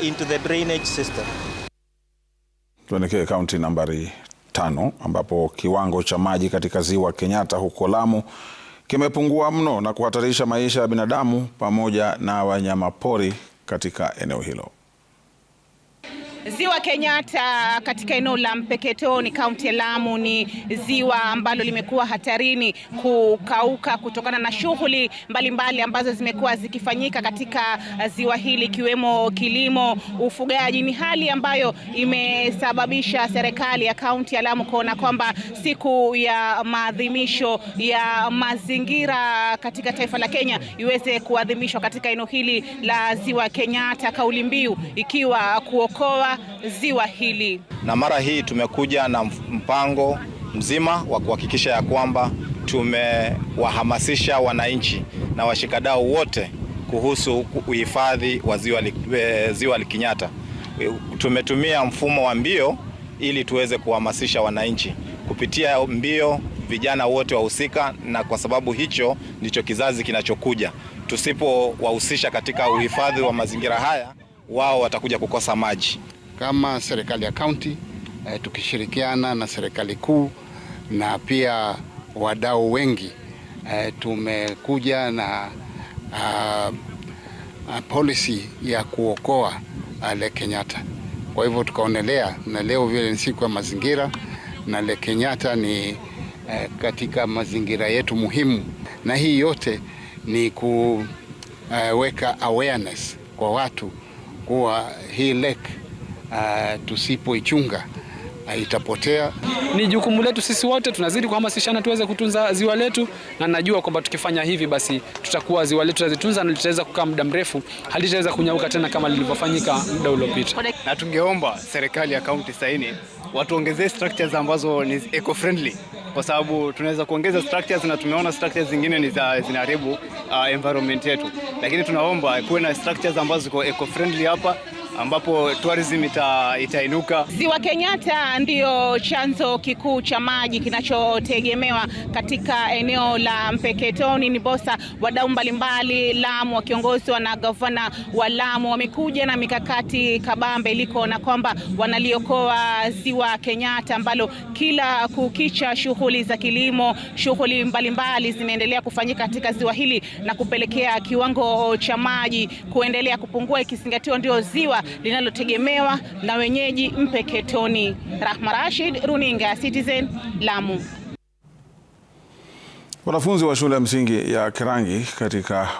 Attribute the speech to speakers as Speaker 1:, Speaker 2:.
Speaker 1: into the drainage system.
Speaker 2: Tuelekee kaunti nambari tano ambapo kiwango cha maji katika ziwa Kenyatta huko Lamu kimepungua mno na kuhatarisha maisha ya binadamu pamoja na wanyama pori katika eneo hilo.
Speaker 3: Ziwa Kenyatta katika eneo la Mpeketoni, kaunti ya Lamu ni ziwa ambalo limekuwa hatarini kukauka kutokana na shughuli mbalimbali ambazo zimekuwa zikifanyika katika ziwa hili ikiwemo kilimo, ufugaji. Ni hali ambayo imesababisha serikali ya kaunti ya Lamu kuona kwamba siku ya maadhimisho ya mazingira katika taifa la Kenya iweze kuadhimishwa katika eneo hili la Ziwa Kenyatta, kauli mbiu ikiwa kuokoa ziwa hili.
Speaker 4: Na mara hii tumekuja na mpango mzima wa kuhakikisha ya kwamba tumewahamasisha wananchi na washikadau wote kuhusu uhifadhi wa ziwa, eh, ziwa Likinyata. Tumetumia mfumo wa mbio ili tuweze kuhamasisha wananchi kupitia mbio, vijana wote wahusika, na kwa sababu hicho ndicho kizazi kinachokuja. Tusipowahusisha katika uhifadhi wa mazingira haya, wao watakuja kukosa maji
Speaker 5: kama serikali ya kaunti eh, tukishirikiana na serikali kuu na pia wadau wengi eh, tumekuja na uh, uh, policy ya kuokoa uh, Lake Kenyatta. Kwa hivyo tukaonelea, na leo vile ni siku ya mazingira na Lake Kenyatta ni eh, katika mazingira yetu muhimu, na hii yote ni kuweka eh, awareness kwa watu kuwa hii lake uh, tusipoichunga uh, itapotea.
Speaker 6: Ni jukumu letu sisi wote, tunazidi kuhamasishana tuweze kutunza ziwa letu, na najua kwamba tukifanya hivi, basi tutakuwa ziwa letu tutazitunza na litaweza kukaa muda mrefu, halitaweza kunyauka tena kama lilivyofanyika muda uliopita.
Speaker 7: Na tungeomba serikali ya kaunti saini watuongezee structures ambazo ni eco friendly kwa sababu tunaweza kuongeza structures na tumeona structures zingine ni zinaharibu uh, environment yetu, lakini tunaomba kuwe na structures ambazo ziko eco friendly hapa ambapo tourism ita, itainuka.
Speaker 3: Ziwa Kenyatta ndiyo chanzo kikuu cha maji kinachotegemewa katika eneo la Mpeketoni ni bosa Wadau mbalimbali Lamu wakiongozwa na gavana wa Lamu wamekuja na mikakati kabambe iliko na kwamba wanaliokoa ziwa Kenyatta ambalo kila kukicha shughuli za kilimo, shughuli mbalimbali zinaendelea kufanyika katika ziwa hili na kupelekea kiwango cha maji kuendelea kupungua ikizingatiwa ndio ziwa linalotegemewa na wenyeji Mpeketoni. Rahma Rashid, runinga ya Citizen, Lamu. Wanafunzi wa shule ya msingi ya Kirangi katika